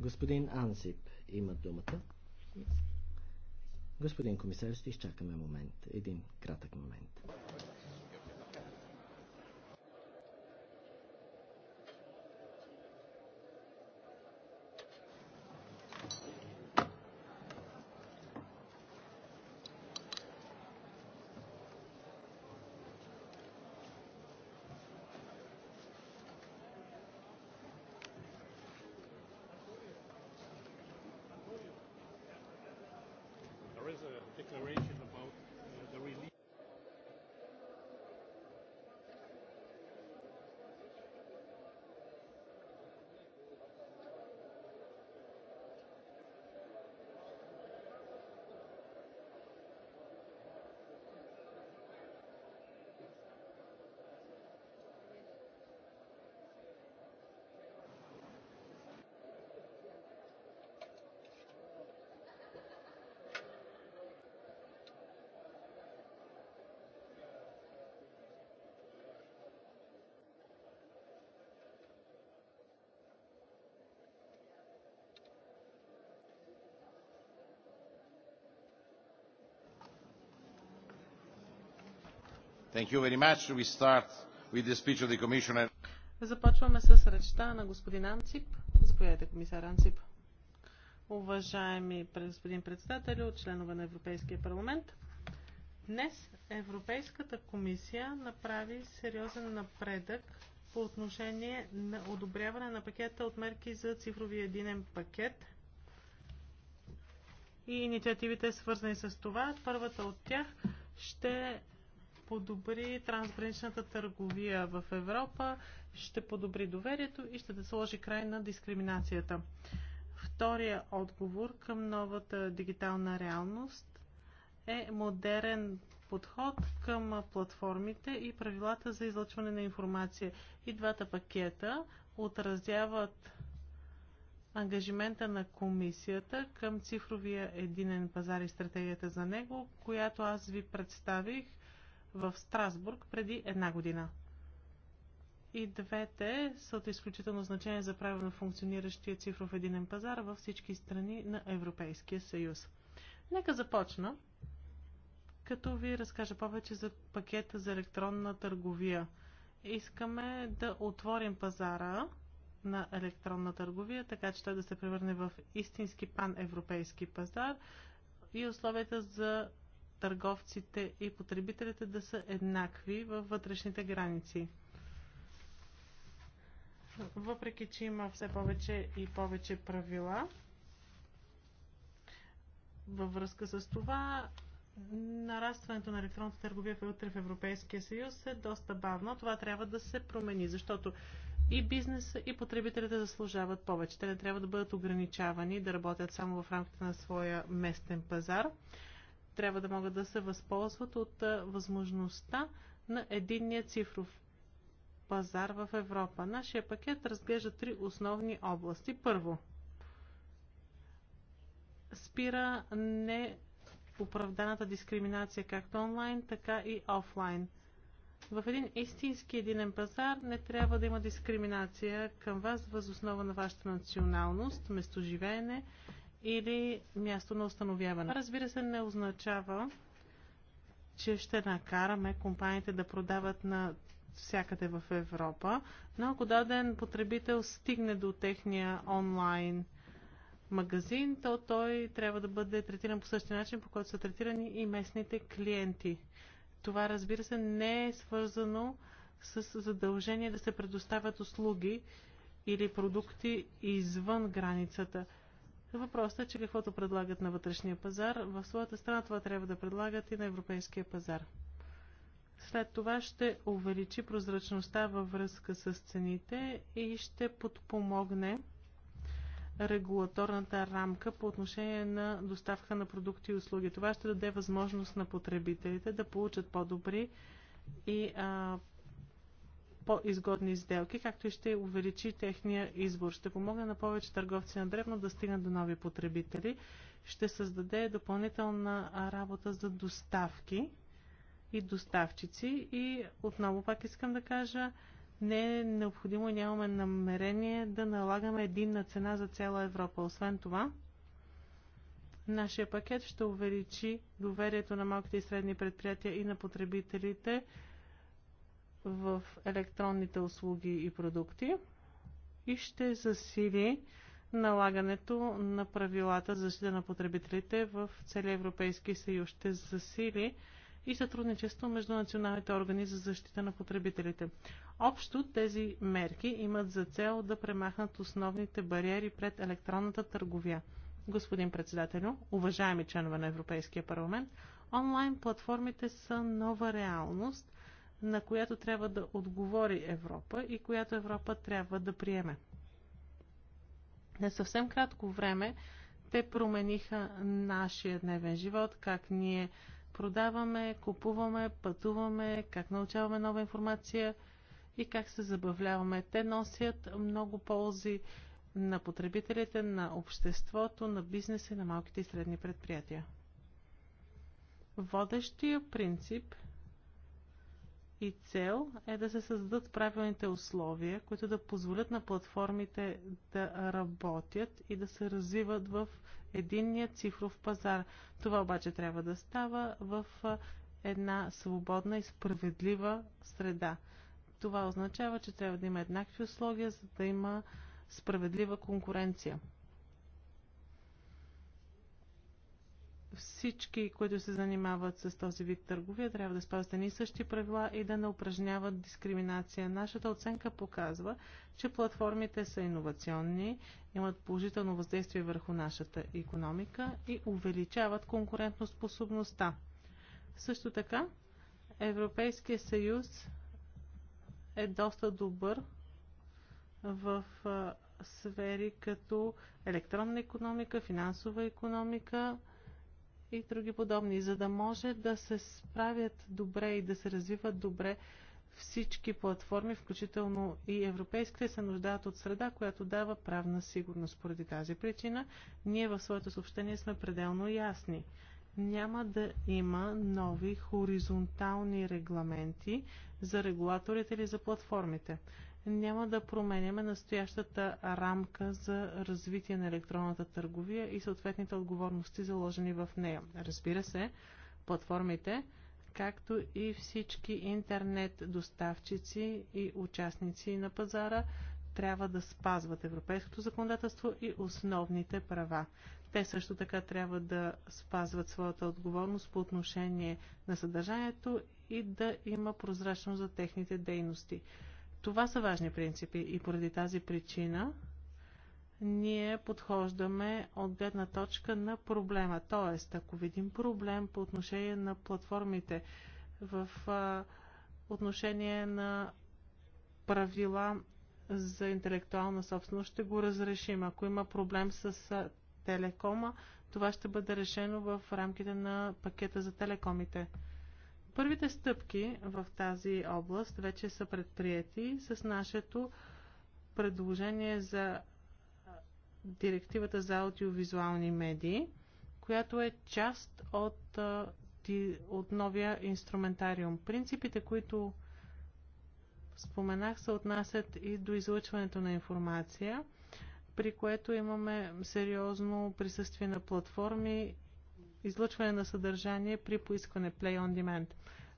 Господин Ансип има думата. Господин комисар, ще изчакаме момент. Един кратък момент. Започваме с речта на господин Анцип. Заповядайте, комисар Анцип. Уважаеми господин председател, от членове на Европейския парламент, днес Европейската комисия направи сериозен напредък по отношение на одобряване на пакета от мерки за цифрови единен пакет и инициативите свързани с това. Първата от тях ще подобри трансграничната търговия в Европа, ще подобри доверието и ще да сложи край на дискриминацията. Втория отговор към новата дигитална реалност е модерен подход към платформите и правилата за излъчване на информация. И двата пакета отразяват ангажимента на комисията към цифровия единен пазар и стратегията за него, която аз ви представих в Страсбург преди една година. И двете са от изключително значение за правилно функциониращия цифров единен пазар във всички страни на Европейския съюз. Нека започна, като ви разкажа повече за пакета за електронна търговия. Искаме да отворим пазара на електронна търговия, така че той да се превърне в истински пан-европейски пазар и условията за търговците и потребителите да са еднакви във вътрешните граници. Въпреки, че има все повече и повече правила, във връзка с това, нарастването на електронната търговия вътре в Европейския съюз е доста бавно. Това трябва да се промени, защото и бизнеса, и потребителите заслужават повече. Те не трябва да бъдат ограничавани да работят само в рамките на своя местен пазар трябва да могат да се възползват от възможността на единния цифров пазар в Европа. Нашия пакет разглежда три основни области. Първо, спира неоправданата дискриминация както онлайн, така и офлайн. В един истински единен пазар не трябва да има дискриминация към вас въз основа на вашата националност, местоживеене или място на установяване. Разбира се, не означава, че ще накараме компаниите да продават на всякъде в Европа, но ако даден потребител стигне до техния онлайн магазин, то той трябва да бъде третиран по същия начин, по който са третирани и местните клиенти. Това, разбира се, не е свързано с задължение да се предоставят услуги или продукти извън границата. Въпросът е, че каквото предлагат на вътрешния пазар, в своята страна това трябва да предлагат и на европейския пазар. След това ще увеличи прозрачността във връзка с цените и ще подпомогне регулаторната рамка по отношение на доставка на продукти и услуги. Това ще даде възможност на потребителите да получат по-добри и а, по-изгодни сделки, както и ще увеличи техния избор. Ще помогне на повече търговци на древно да стигнат до нови потребители. Ще създаде допълнителна работа за доставки и доставчици. И отново пак искам да кажа, не е необходимо, нямаме намерение да налагаме единна цена за цяла Европа. Освен това, нашия пакет ще увеличи доверието на малките и средни предприятия и на потребителите в електронните услуги и продукти и ще засили налагането на правилата за защита на потребителите в целия Европейски съюз. Ще засили и сътрудничество между националните органи за защита на потребителите. Общо тези мерки имат за цел да премахнат основните бариери пред електронната търговия. Господин председателю, уважаеми членове на Европейския парламент, онлайн платформите са нова реалност – на която трябва да отговори Европа и която Европа трябва да приеме. На съвсем кратко време те промениха нашия дневен живот, как ние продаваме, купуваме, пътуваме, как научаваме нова информация и как се забавляваме. Те носят много ползи на потребителите, на обществото, на бизнеса и на малките и средни предприятия. Водещия принцип и цел е да се създадат правилните условия, които да позволят на платформите да работят и да се развиват в единния цифров пазар. Това обаче трябва да става в една свободна и справедлива среда. Това означава, че трябва да има еднакви условия, за да има справедлива конкуренция. всички, които се занимават с този вид търговия, трябва да спазват едни същи правила и да не упражняват дискриминация. Нашата оценка показва, че платформите са иновационни, имат положително въздействие върху нашата економика и увеличават конкурентоспособността. Също така, Европейския съюз е доста добър в сфери като електронна економика, финансова економика, и други подобни, за да може да се справят добре и да се развиват добре всички платформи, включително и европейските, се нуждаят от среда, която дава правна сигурност. Поради тази причина ние в своето съобщение сме пределно ясни. Няма да има нови хоризонтални регламенти за регулаторите или за платформите няма да променяме настоящата рамка за развитие на електронната търговия и съответните отговорности заложени в нея. Разбира се, платформите, както и всички интернет доставчици и участници на пазара, трябва да спазват европейското законодателство и основните права. Те също така трябва да спазват своята отговорност по отношение на съдържанието и да има прозрачност за техните дейности. Това са важни принципи и поради тази причина ние подхождаме от гледна точка на проблема. Тоест, ако видим проблем по отношение на платформите, в а, отношение на правила за интелектуална собственост, ще го разрешим. Ако има проблем с а, телекома, това ще бъде решено в рамките на пакета за телекомите. Първите стъпки в тази област вече са предприяти с нашето предложение за директивата за аудиовизуални медии, която е част от, от новия инструментариум. Принципите, които споменах, се отнасят и до излъчването на информация, при което имаме сериозно присъствие на платформи излъчване на съдържание при поискване Play on Demand.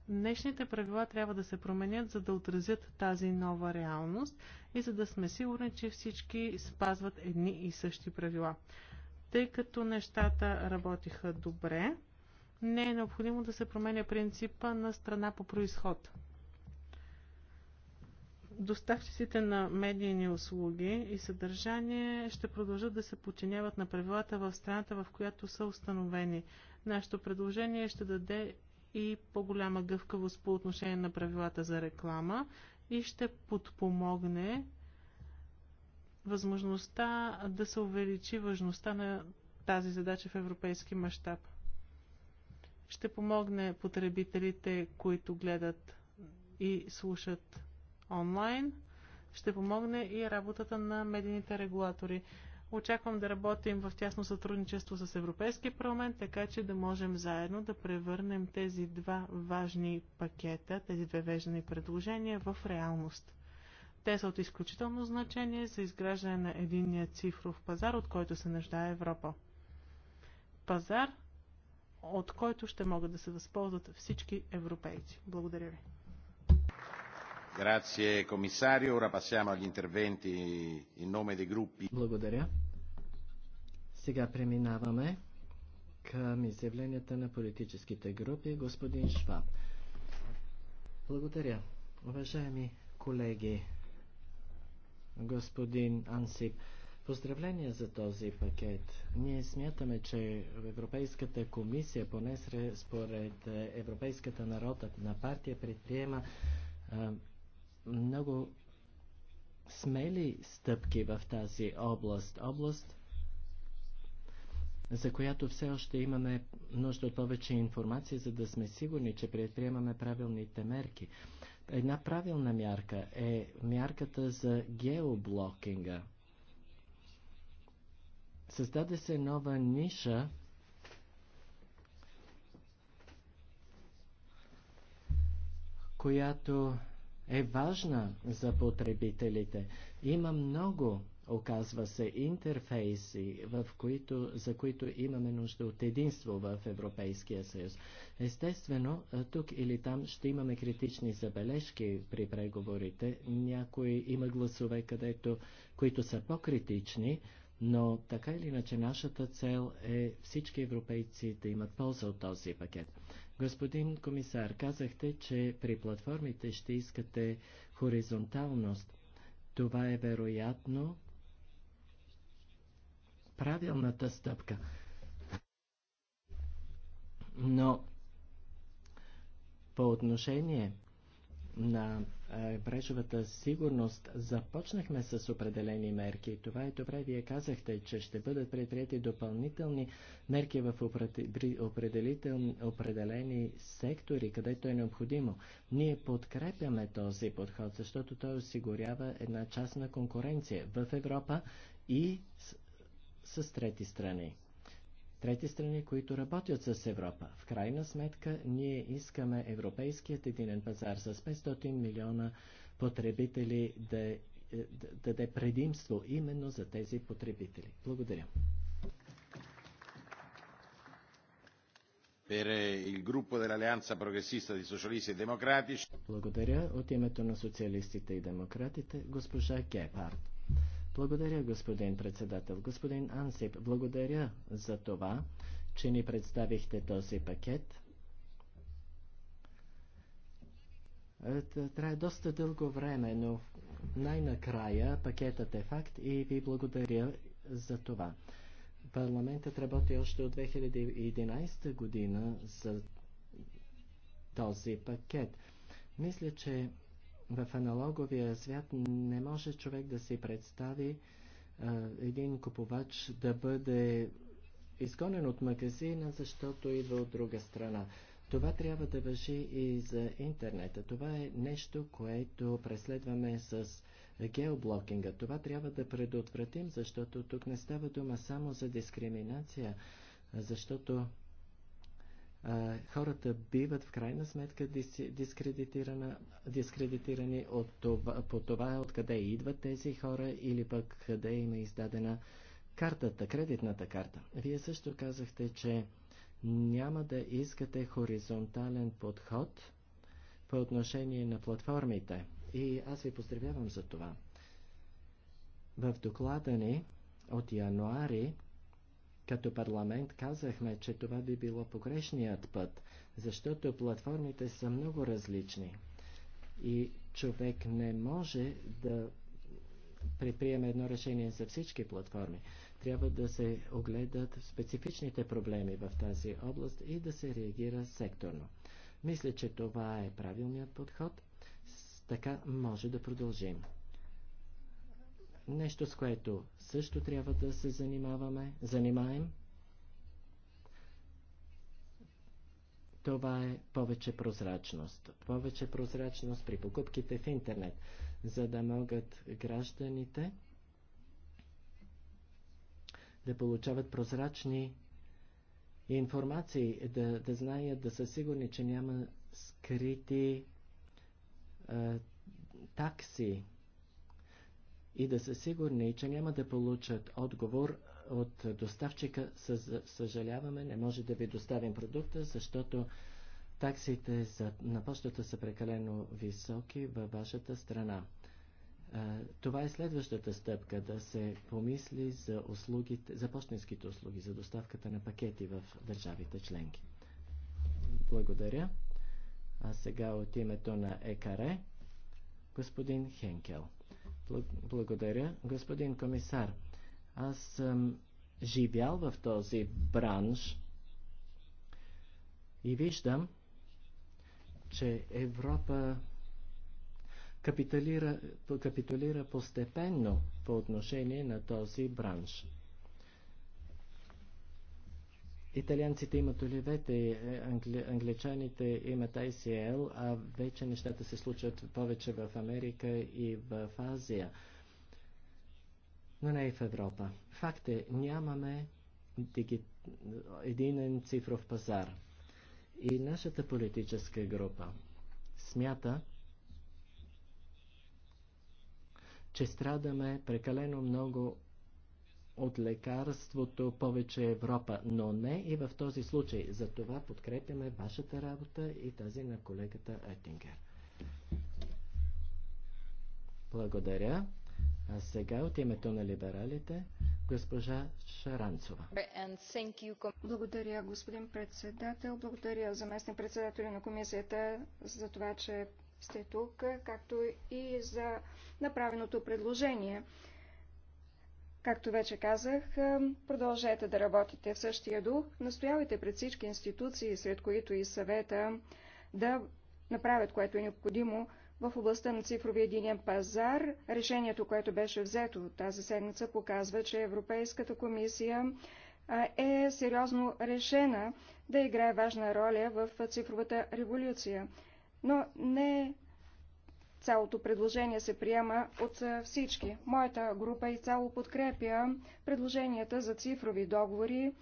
Днешните правила трябва да се променят, за да отразят тази нова реалност и за да сме сигурни, че всички спазват едни и същи правила. Тъй като нещата работиха добре, не е необходимо да се променя принципа на страна по происход доставчиците на медийни услуги и съдържание ще продължат да се подчиняват на правилата в страната, в която са установени. Нашето предложение ще даде и по-голяма гъвкавост по отношение на правилата за реклама и ще подпомогне възможността да се увеличи важността на тази задача в европейски мащаб. Ще помогне потребителите, които гледат и слушат онлайн. Ще помогне и работата на медийните регулатори. Очаквам да работим в тясно сътрудничество с Европейския парламент, така че да можем заедно да превърнем тези два важни пакета, тези две вежни предложения в реалност. Те са от изключително значение за изграждане на единния цифров пазар, от който се нуждае Европа. Пазар, от който ще могат да се възползват всички европейци. Благодаря ви. Grazie, Ora passiamo agli interventi in nome dei gruppi. Благодаря. Сега преминаваме към изявленията на политическите групи. Господин Шваб. Благодаря. Уважаеми колеги, господин Ансип, Поздравления за този пакет. Ние смятаме, че Европейската комисия, поне според е, Европейската народна партия, предприема много смели стъпки в тази област. Област, за която все още имаме нужда от повече информация, за да сме сигурни, че предприемаме правилните мерки. Една правилна мярка е мярката за геоблокинга. Създаде се нова ниша, която е важна за потребителите. Има много, оказва се, интерфейси, в които, за които имаме нужда от единство в Европейския съюз. Естествено, тук или там ще имаме критични забележки при преговорите. Някои има гласове, където, които са по-критични, но така или иначе нашата цел е всички европейци да имат полза от този пакет. Господин комисар, казахте, че при платформите ще искате хоризонталност. Това е вероятно правилната стъпка. Но по отношение на мрежовата сигурност започнахме с определени мерки. Това е добре. Вие казахте, че ще бъдат предприяти допълнителни мерки в определени сектори, където е необходимо. Ние подкрепяме този подход, защото той осигурява една частна конкуренция в Европа и с, с трети страни трети страни, които работят с Европа. В крайна сметка, ние искаме европейският единен пазар с 500 милиона потребители да даде предимство именно за тези потребители. Благодаря. E Благодаря от името на социалистите и демократите, госпожа Гепард. Благодаря, господин председател. Господин Ансип, благодаря за това, че ни представихте този пакет. Е, трае доста дълго време, но най-накрая пакетът е факт и ви благодаря за това. Парламентът работи още от 2011 година за този пакет. Мисля, че в аналоговия свят не може човек да си представи а, един купувач да бъде изгонен от магазина, защото идва от друга страна. Това трябва да въжи и за интернета. Това е нещо, което преследваме с геоблокинга. Това трябва да предотвратим, защото тук не става дума само за дискриминация, защото хората биват в крайна сметка дискредитирани от това, по това откъде идват тези хора или пък къде има е издадена картата, кредитната карта. Вие също казахте, че няма да искате хоризонтален подход по отношение на платформите. И аз ви поздравявам за това. В доклада ни от януари като парламент казахме, че това би било погрешният път, защото платформите са много различни и човек не може да предприеме едно решение за всички платформи. Трябва да се огледат специфичните проблеми в тази област и да се реагира секторно. Мисля, че това е правилният подход. Така може да продължим. Нещо, с което също трябва да се занимаваме, занимаем. Това е повече прозрачност. Повече прозрачност при покупките в интернет, за да могат гражданите да получават прозрачни информации, да, да знаят, да са сигурни, че няма скрити е, такси, и да са сигурни, че няма да получат отговор от доставчика. Съжаляваме, не може да ви доставим продукта, защото таксите за, на почтата са прекалено високи във вашата страна. Това е следващата стъпка да се помисли за, услугите, за почтенските услуги, за доставката на пакети в държавите членки. Благодаря. А сега от името на ЕКАРЕ господин Хенкел. Благодаря. Господин комисар, аз съм живял в този бранш и виждам, че Европа капитулира, капитулира постепенно по отношение на този бранш. Италианците имат оливете, е, англи, англичаните имат ICL, а вече нещата се случват повече в Америка и в Азия, но не и в Европа. Факт е, нямаме диги... единен цифров пазар. И нашата политическа група смята, че страдаме прекалено много от лекарството повече Европа, но не и в този случай. За това подкрепяме вашата работа и тази на колегата Еттингер. Благодаря. А сега от името на либералите госпожа Шаранцова. Благодаря, господин председател. Благодаря заместник председателя на комисията за това, че сте тук, както и за направеното предложение. Както вече казах, продължете да работите в същия дух, настоявайте пред всички институции, сред които и съвета, да направят което е необходимо в областта на цифровия единен пазар. Решението, което беше взето тази седмица, показва, че Европейската комисия е сериозно решена да играе важна роля в цифровата революция. Но не Цялото предложение се приема от всички. Моята група и цяло подкрепя предложенията за цифрови договори.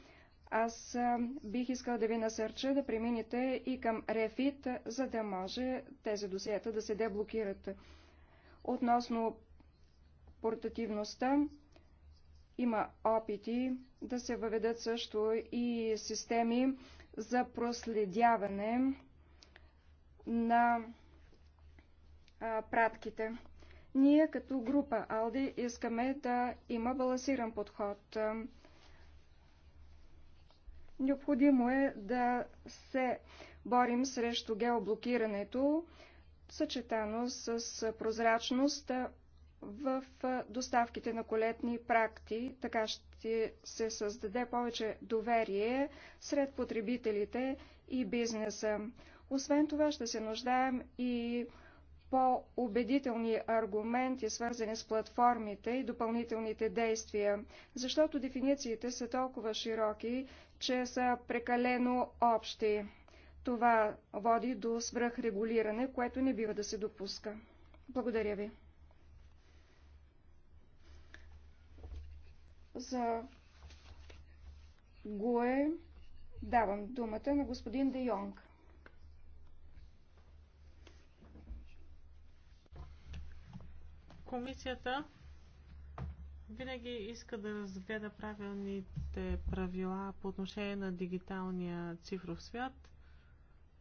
Аз бих искал да ви насърча да премините и към Рефит, за да може тези досиета да се деблокират. Относно портативността, има опити да се въведат също и системи за проследяване на а, пратките. Ние като група Алди искаме да има балансиран подход. Необходимо е да се борим срещу геоблокирането, съчетано с прозрачност в доставките на колетни практи. Така ще се създаде повече доверие сред потребителите и бизнеса. Освен това ще се нуждаем и по-убедителни аргументи, свързани с платформите и допълнителните действия, защото дефинициите са толкова широки, че са прекалено общи. Това води до свръхрегулиране, което не бива да се допуска. Благодаря ви. За ГУЕ давам думата на господин Де Йонг. Комисията винаги иска да разгледа правилните правила по отношение на дигиталния цифров свят.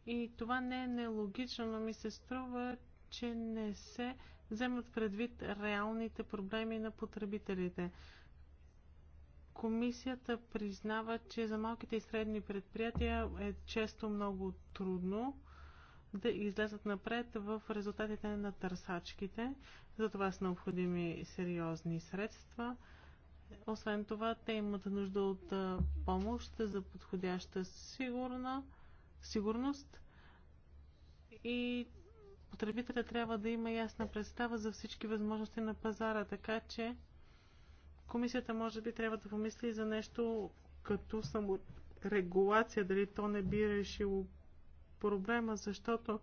И това не е нелогично, но ми се струва, че не се вземат предвид реалните проблеми на потребителите. Комисията признава, че за малките и средни предприятия е често много трудно да излезат напред в резултатите на търсачките. За това са необходими сериозни средства. Освен това, те имат нужда от помощ за подходяща сигурна, сигурност и потребителя трябва да има ясна представа за всички възможности на пазара, така че комисията може би трябва да помисли за нещо като саморегулация, дали то не би решило проблема, защото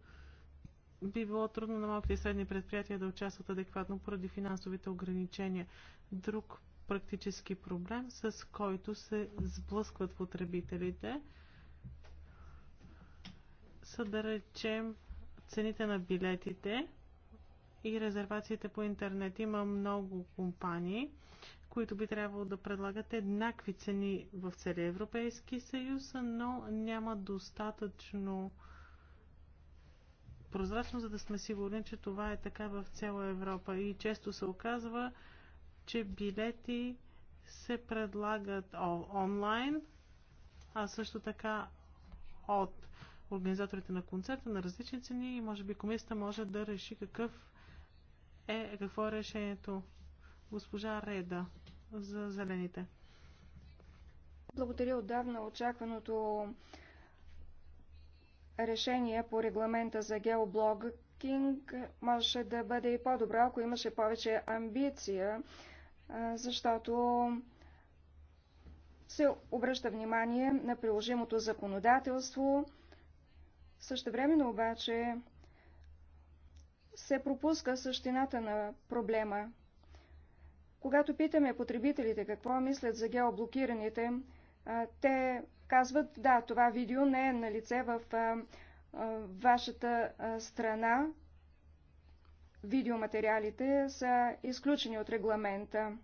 би било трудно на малките и средни предприятия да участват адекватно поради финансовите ограничения. Друг практически проблем, с който се сблъскват потребителите, са да речем цените на билетите и резервациите по интернет. Има много компании, които би трябвало да предлагат еднакви цени в целия Европейски съюз, но няма достатъчно прозрачно, за да сме сигурни, че това е така в цяла Европа. И често се оказва, че билети се предлагат онлайн, а също така от организаторите на концерта на различни цени и може би комисията може да реши какъв е, какво е решението. Госпожа Реда за зелените. Благодаря отдавна очакваното решение по регламента за геоблогинг можеше да бъде и по-добро, ако имаше повече амбиция, защото се обръща внимание на приложимото законодателство. Също времено обаче се пропуска същината на проблема. Когато питаме потребителите какво мислят за геоблокираните, те казват, да, това видео не е на лице в вашата страна. Видеоматериалите са изключени от регламента.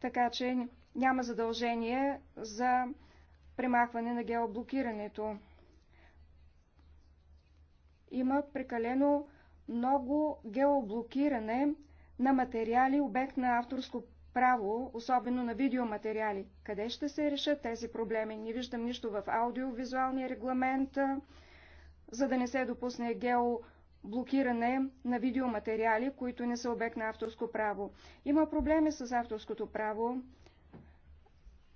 Така че няма задължение за премахване на геоблокирането. Има прекалено много геоблокиране на материали, обект на авторско право, особено на видеоматериали. Къде ще се решат тези проблеми? Не виждам нищо в аудиовизуалния регламент, за да не се допусне гео блокиране на видеоматериали, които не са обект на авторско право. Има проблеми с авторското право.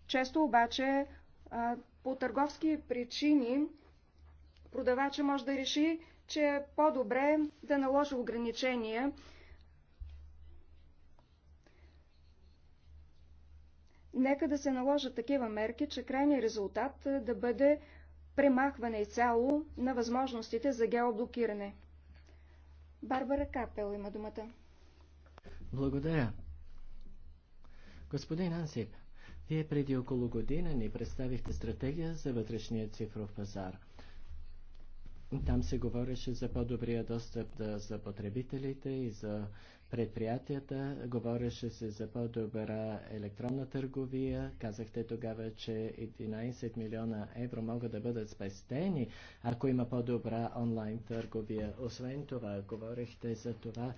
Често обаче по търговски причини продавача може да реши, че е по-добре да наложи ограничения нека да се наложат такива мерки, че крайният резултат е, да бъде премахване изцяло на възможностите за геоблокиране. Барбара Капел има думата. Благодаря. Господин Ансип, вие преди около година ни представихте стратегия за вътрешния цифров пазар. Там се говореше за по-добрия достъп да, за потребителите и за предприятията, говореше се за по-добра електронна търговия. Казахте тогава, че 11 милиона евро могат да бъдат спестени, ако има по-добра онлайн търговия. Освен това, говорихте за това,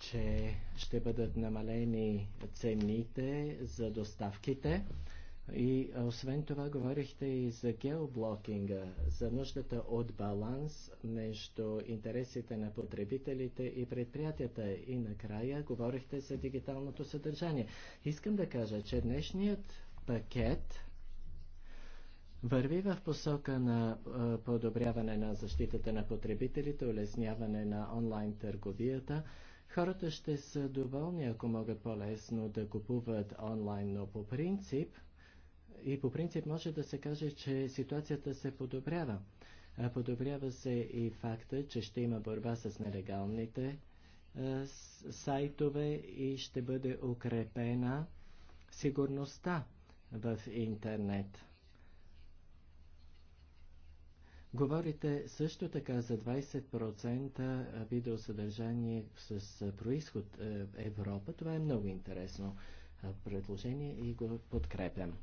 че ще бъдат намалени цените за доставките. И освен това говорихте и за геоблокинга, за нуждата от баланс между интересите на потребителите и предприятията. И накрая говорихте за дигиталното съдържание. Искам да кажа, че днешният пакет върви в посока на подобряване на защитата на потребителите, улесняване на онлайн търговията. Хората ще са доволни, ако могат по-лесно да купуват онлайн, но по принцип – и по принцип може да се каже, че ситуацията се подобрява. Подобрява се и факта, че ще има борба с нелегалните сайтове и ще бъде укрепена сигурността в интернет. Говорите също така за 20% видеосъдържание с происход Европа. Това е много интересно предложение и го подкрепям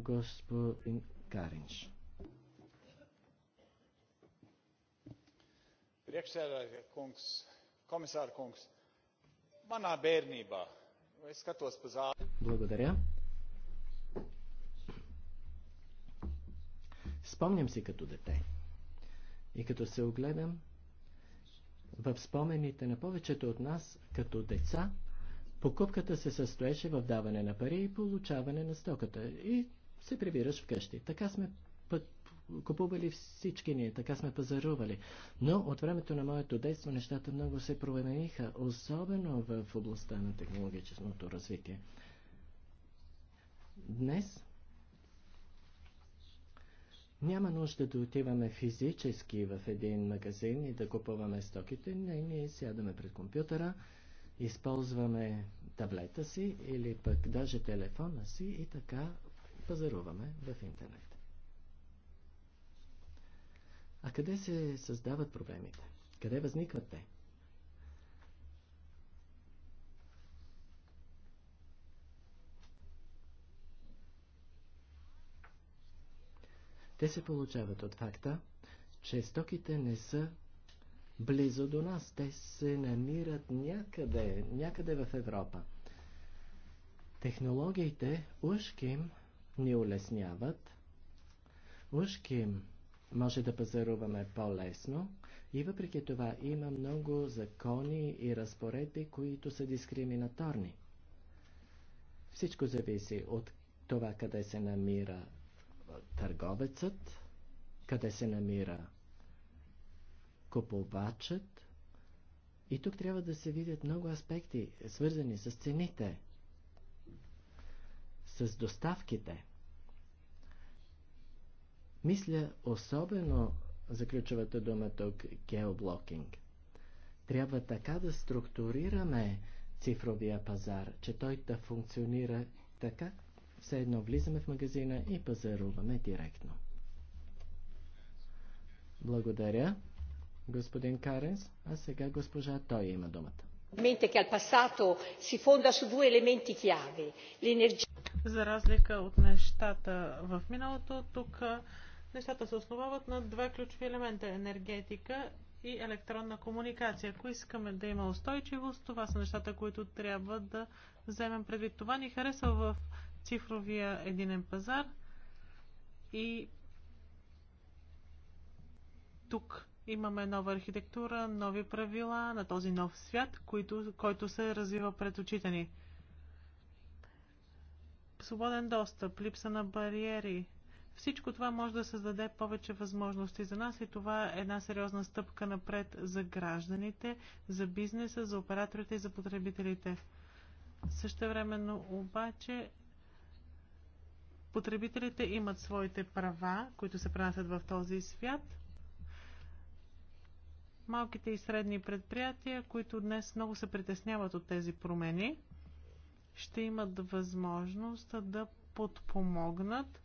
господин Каринч. Priekšsēdētāj, kungs, komisār kungs, manā bērnībā, es skatos pa zāli. Благодаря. Спомням си като дете. И като се огледам в спомените на повечето от нас като деца, покупката се състоеше в даване на пари и получаване на стоката. И се прибираш вкъщи. Така сме път, купували всички ние, така сме пазарували. Но от времето на моето действо нещата много се промениха, особено в областта на технологичното развитие. Днес няма нужда да отиваме физически в един магазин и да купуваме стоките. Не, ние сядаме пред компютъра, използваме таблета си или пък даже телефона си и така пазаруваме в интернет. А къде се създават проблемите? Къде възникват те? Те се получават от факта, че стоките не са близо до нас. Те се намират някъде, някъде в Европа. Технологиите ушким ни улесняват. Ушки може да пазаруваме по-лесно и въпреки това има много закони и разпоредби, които са дискриминаторни. Всичко зависи от това къде се намира търговецът, къде се намира купувачът. И тук трябва да се видят много аспекти, свързани с цените – с доставките. Мисля особено за ключовата дума тук геоблокинг. Трябва така да структурираме цифровия пазар, че той да функционира така, все едно влизаме в магазина и пазаруваме директно. Благодаря, господин Каренс, а сега госпожа той има думата che al passato si fonda su due elementi chiave. За разлика от нещата в миналото, тук нещата се основават на два ключови елемента – енергетика и електронна комуникация. Ако искаме да има устойчивост, това са нещата, които трябва да вземем предвид. Това ни харесва в цифровия единен пазар и тук Имаме нова архитектура, нови правила на този нов свят, който, който се развива пред очите ни. Свободен достъп, липса на бариери. Всичко това може да създаде повече възможности за нас и това е една сериозна стъпка напред за гражданите, за бизнеса, за операторите и за потребителите. Същевременно обаче потребителите имат своите права, които се пренасят в този свят – малките и средни предприятия, които днес много се притесняват от тези промени, ще имат възможност да подпомогнат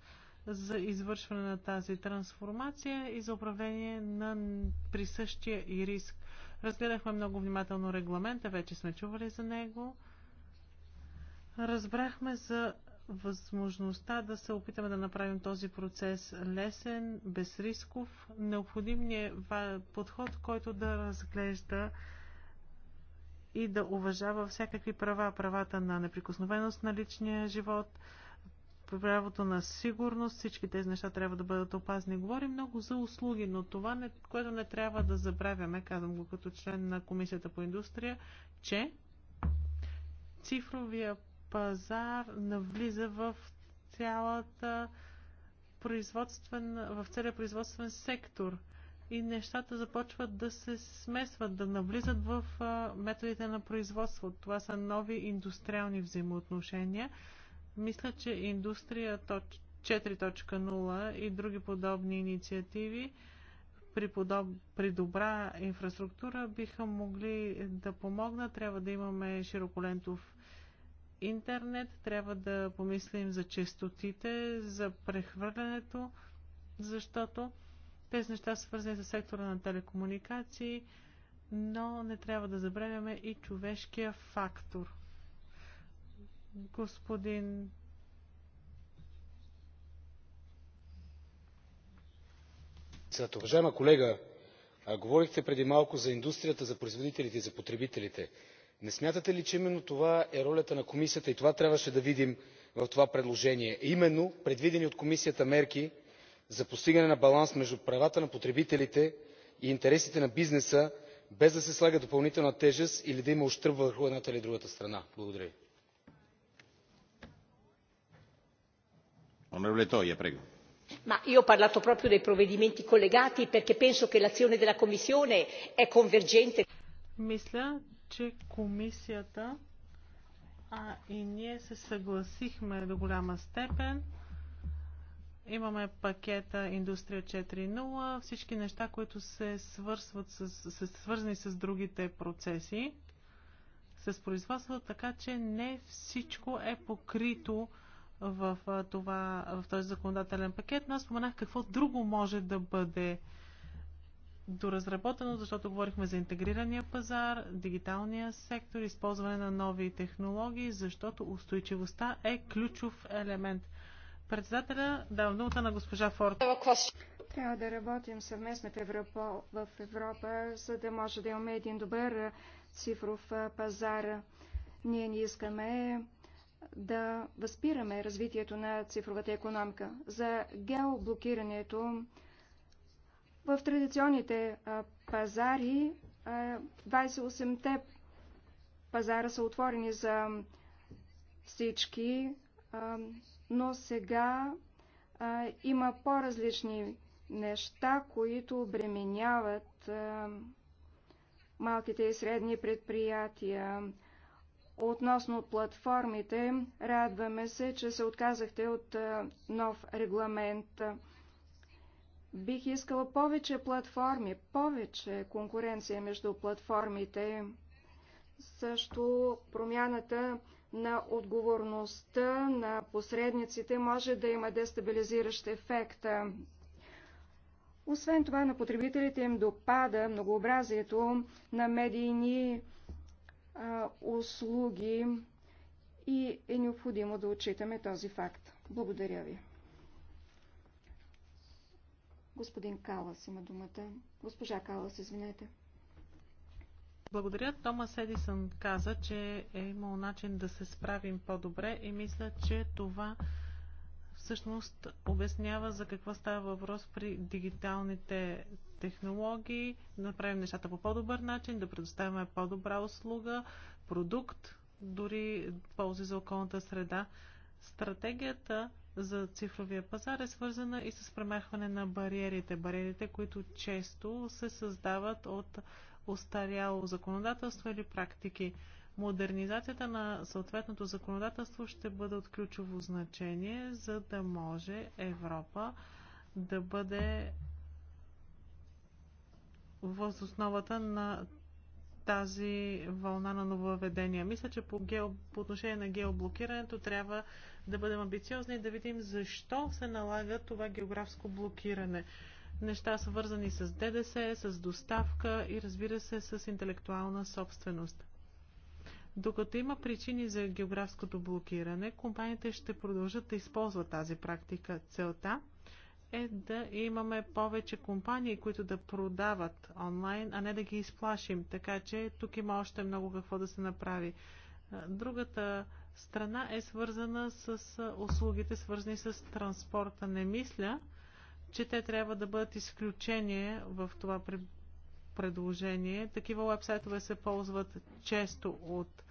за извършване на тази трансформация и за управление на присъщия и риск. Разгледахме много внимателно регламента, вече сме чували за него. Разбрахме за възможността да се опитаме да направим този процес лесен, рисков. Необходим ни е подход, който да разглежда и да уважава всякакви права. Правата на неприкосновеност на личния живот, правото на сигурност, всички тези неща трябва да бъдат опазни. Говорим много за услуги, но това, не, което не трябва да забравяме, казвам го като член на Комисията по индустрия, че цифровия пазар навлиза в цялата в целия производствен сектор и нещата започват да се смесват, да навлизат в методите на производство. Това са нови индустриални взаимоотношения. Мисля, че индустрия 4.0 и други подобни инициативи при, подоб... при добра инфраструктура биха могли да помогнат. Трябва да имаме широколентов интернет, трябва да помислим за честотите, за прехвърлянето, защото тези неща са свързани с сектора на телекомуникации, но не трябва да забравяме и човешкия фактор. Господин Уважаема колега, говорихте преди малко за индустрията, за производителите и за потребителите не смятате ли че именно това е ролята на комисията и това трябваше да видим в това предложение именно предвидени от комисията мерки за постигане на баланс между правата на потребителите и интересите на бизнеса без да се слага допълнителна тежест или да има ущърб върху едната или другата страна? благодаря ви. Ma io ho parlato proprio dei provvedimenti collegati perché penso che l'azione della Commissione è convergente. Мисля, че комисията а и ние се съгласихме до голяма степен. Имаме пакета Индустрия 4.0, всички неща, които се, свързват с, с, свързани с другите процеси, с производството, така че не всичко е покрито в, това, в този законодателен пакет, но аз споменах какво друго може да бъде доразработено, защото говорихме за интегрирания пазар, дигиталния сектор, използване на нови технологии, защото устойчивостта е ключов елемент. Председателя давам думата на госпожа Форд. Трябва да работим съвместно в Европа, в Европа, за да може да имаме един добър цифров пазар. Ние не искаме да възпираме развитието на цифровата економика. За геоблокирането в традиционните пазари 28-те пазара са отворени за всички, но сега има по-различни неща, които обременяват малките и средни предприятия. Относно платформите, радваме се, че се отказахте от нов регламент. Бих искала повече платформи, повече конкуренция между платформите, също промяната на отговорността на посредниците може да има дестабилизиращ ефект. Освен това, на потребителите им допада многообразието на медийни а, услуги и е необходимо да отчитаме този факт. Благодаря ви. Господин Калас има думата. Госпожа Калас, извинете. Благодаря. Томас Едисън каза, че е имал начин да се справим по-добре и мисля, че това всъщност обяснява за какво става въпрос при дигиталните технологии, да направим нещата по по-добър начин, да предоставяме по-добра услуга, продукт, дори ползи за околната среда. Стратегията за цифровия пазар е свързана и с премахване на бариерите. Бариерите, които често се създават от устаряло законодателство или практики. Модернизацията на съответното законодателство ще бъде от ключово значение, за да може Европа да бъде в основата на тази вълна на нововведения. Мисля, че по, гео, по отношение на геоблокирането трябва да бъдем амбициозни и да видим защо се налага това географско блокиране. Неща свързани с ДДС, с доставка и разбира се с интелектуална собственост. Докато има причини за географското блокиране, компаниите ще продължат да използват тази практика. Целта е да имаме повече компании, които да продават онлайн, а не да ги изплашим. Така че тук има още много какво да се направи. Другата страна е свързана с услугите, свързани с транспорта. Не мисля, че те трябва да бъдат изключение в това предложение. Такива вебсайтове се ползват често от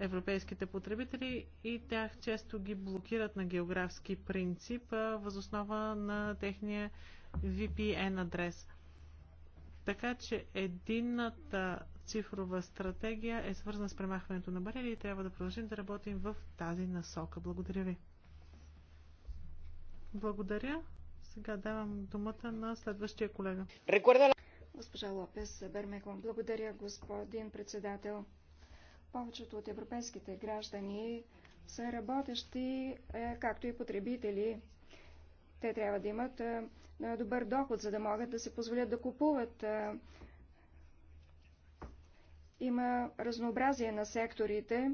европейските потребители и тях често ги блокират на географски принцип възоснова на техния VPN адрес. Така че единната цифрова стратегия е свързана с премахването на барели и трябва да продължим да работим в тази насока. Благодаря ви. Благодаря. Сега давам думата на следващия колега. Госпожа Лопес Бермеклон, благодаря господин председател. Повечето от европейските граждани са работещи, е, както и потребители. Те трябва да имат е, е, добър доход, за да могат да се позволят да купуват. Има разнообразие на секторите.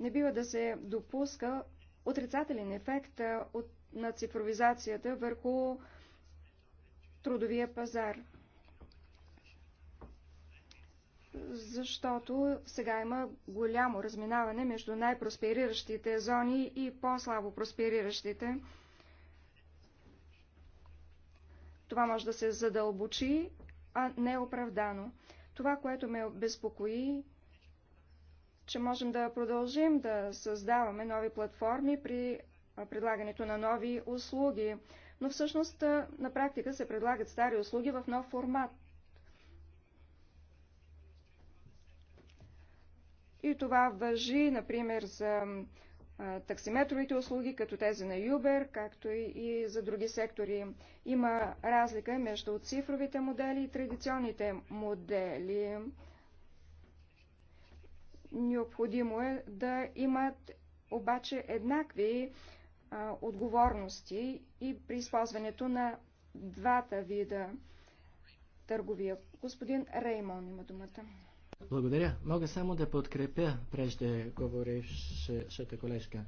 Не бива да се допуска отрицателен ефект на цифровизацията върху трудовия пазар защото сега има голямо разминаване между най-проспериращите зони и по-слабо проспериращите. Това може да се задълбочи, а не оправдано. Това, което ме безпокои, че можем да продължим да създаваме нови платформи при предлагането на нови услуги, но всъщност на практика се предлагат стари услуги в нов формат. И това въжи, например, за таксиметровите услуги, като тези на Uber, както и за други сектори. Има разлика между цифровите модели и традиционните модели. Необходимо е да имат обаче еднакви а, отговорности и при използването на двата вида търговия. Господин Реймон има думата. Благодаря. Мога само да подкрепя говорившата колежка.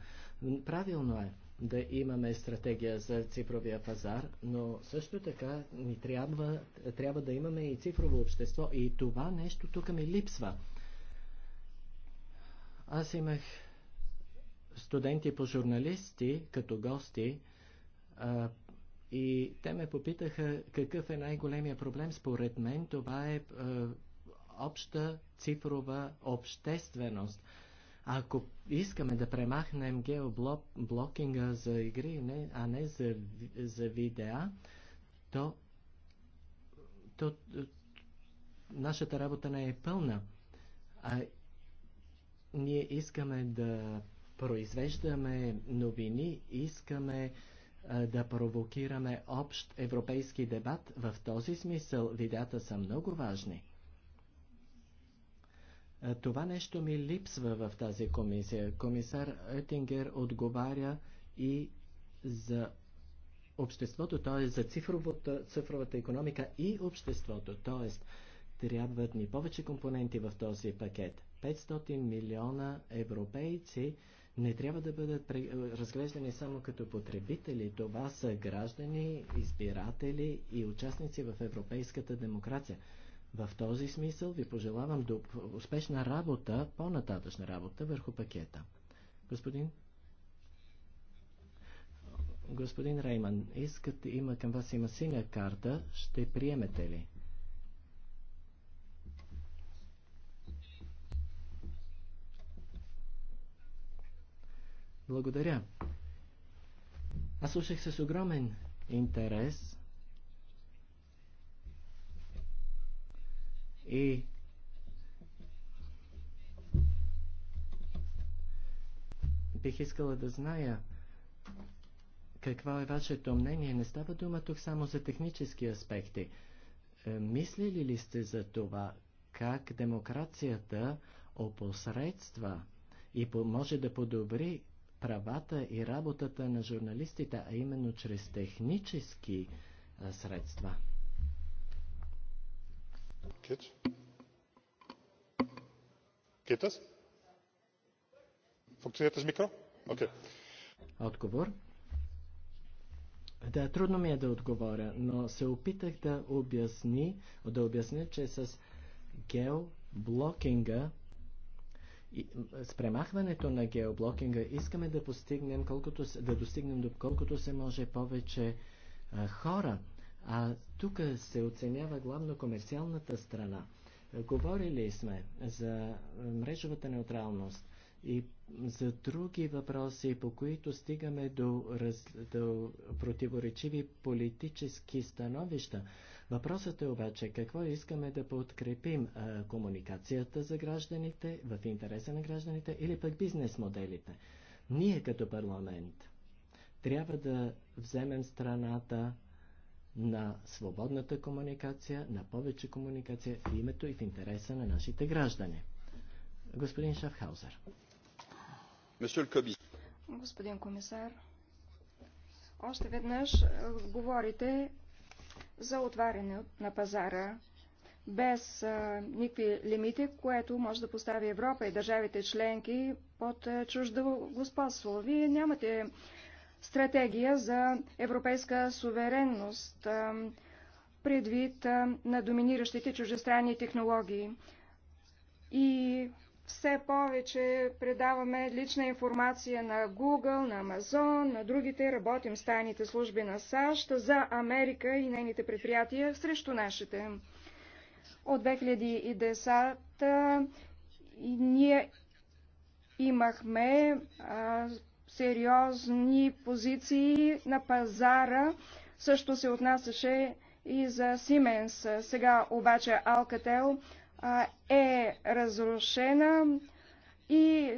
Правилно е да имаме стратегия за цифровия пазар, но също така ни трябва, трябва да имаме и цифрово общество и това нещо тук ми липсва. Аз имах студенти по журналисти като гости а, и те ме попитаха какъв е най-големия проблем. Според мен това е а, обща цифрова общественост. Ако искаме да премахнем геоблокинга за игри, не, а не за, за видеа, то, то, то нашата работа не е пълна. А ние искаме да произвеждаме новини, искаме а, да провокираме общ европейски дебат. В този смисъл видеята са много важни. Е, това нещо ми липсва в тази комисия. Комисар Етингер отговаря и за обществото, т.е. за цифровата, цифровата економика и обществото, т.е. трябват ни повече компоненти в този пакет. 500 милиона европейци не трябва да бъдат е, разглеждани само като потребители. Това са граждани, избиратели и участници в европейската демокрация. В този смисъл ви пожелавам до успешна работа, по-нататъчна работа върху пакета. Господин? Господин Рейман, искате, има към вас има синя карта, ще приемете ли? Благодаря. Аз слушах с огромен интерес и бих искала да зная какво е вашето мнение. Не става дума тук само за технически аспекти. Е, мислили ли сте за това, как демокрацията опосредства и може да подобри правата и работата на журналистите, а именно чрез технически средства? Geht? Geht das? Funktioniert das Mikro? Okay. Отговор. Да, трудно ми е да отговоря, но се опитах да обясни, да обясня, че с геоблокинга и с премахването на геоблокинга искаме да постигнем колкото, да достигнем до колкото се може повече а, хора. А тук се оценява главно комерциалната страна. Говорили сме за мрежовата неутралност и за други въпроси, по които стигаме до, раз, до противоречиви политически становища. Въпросът е обаче какво искаме да подкрепим а, комуникацията за гражданите, в интереса на гражданите или пък бизнес моделите. Ние като парламент трябва да вземем страната на свободната комуникация, на повече комуникация в името и в интереса на нашите граждани. Господин Шафхаузер. Господин комисар, още веднъж е, говорите за отваряне на пазара без а, е, никакви лимити, което може да постави Европа и държавите членки под а, е, чуждо господство. Вие нямате стратегия за европейска суверенност предвид на доминиращите чуждестранни технологии. И все повече предаваме лична информация на Google, на Amazon, на другите, работим с тайните служби на САЩ за Америка и нейните предприятия срещу нашите. От 2010 ние имахме сериозни позиции на пазара. Също се отнасяше и за Сименс. Сега обаче Алкател е разрушена и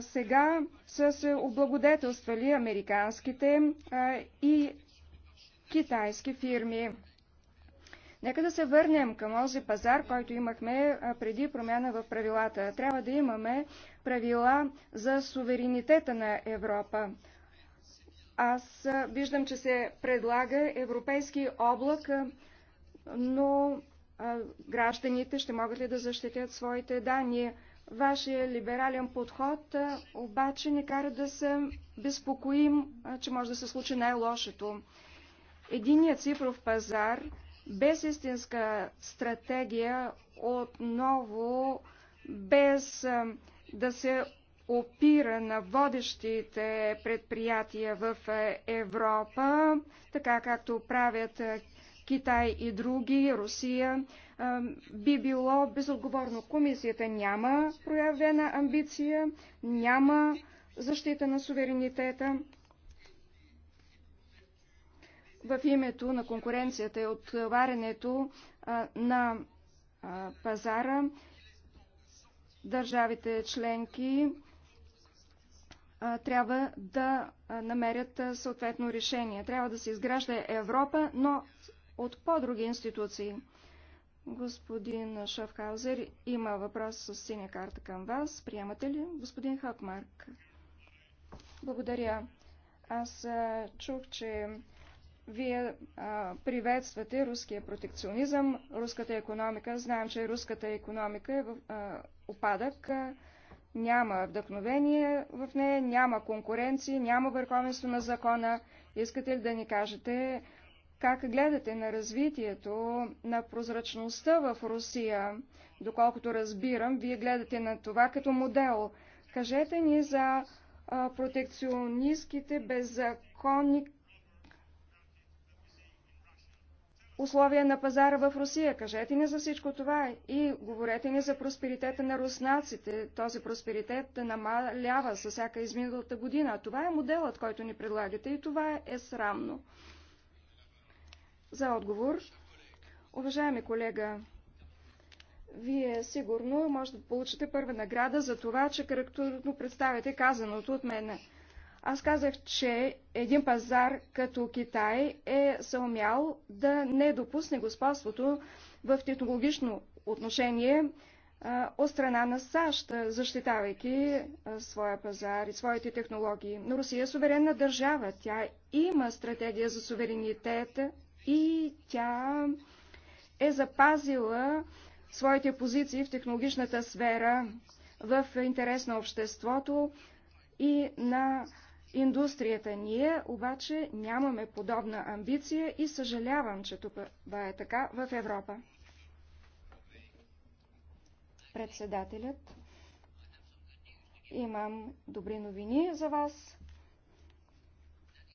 сега са се облагодетелствали американските и китайски фирми. Нека да се върнем към този пазар, който имахме преди промяна в правилата. Трябва да имаме правила за суверенитета на Европа. Аз виждам, че се предлага европейски облак, но гражданите ще могат ли да защитят своите данни? Вашия либерален подход обаче ни кара да се безпокоим, че може да се случи най-лошото. Единият цифров пазар без истинска стратегия, отново без да се опира на водещите предприятия в Европа, така както правят Китай и други, Русия, би било безотговорно. Комисията няма проявена амбиция, няма защита на суверенитета в името на конкуренцията и отварянето на пазара държавите членки трябва да намерят съответно решение. Трябва да се изгражда Европа, но от по-други институции. Господин Шафхаузер, има въпрос с синя карта към вас. Приемате ли? Господин Хакмарк. Благодаря. Аз чух, че вие а, приветствате руския протекционизъм, руската економика. Знаем, че руската економика е в а, опадък. А, няма вдъхновение в нея, няма конкуренции, няма върховенство на закона. Искате ли да ни кажете как гледате на развитието на прозрачността в Русия? Доколкото разбирам, вие гледате на това като модел. Кажете ни за протекционистските беззаконни условия на пазара в Русия. Кажете ни за всичко това и говорете ни за просперитета на руснаците. Този просперитет намалява със всяка изминалата година. Това е моделът, който ни предлагате и това е срамно. За отговор, уважаеми колега, вие сигурно може да получите първа награда за това, че характерно представяте казаното от мене. Аз казах, че един пазар като Китай е съумял да не допусне господството в технологично отношение от страна на САЩ, защитавайки своя пазар и своите технологии. Но Русия е суверенна държава. Тя има стратегия за суверенитет и тя е запазила своите позиции в технологичната сфера в интерес на обществото и на индустрията. Ние обаче нямаме подобна амбиция и съжалявам, че това е така в Европа. Председателят, имам добри новини за вас.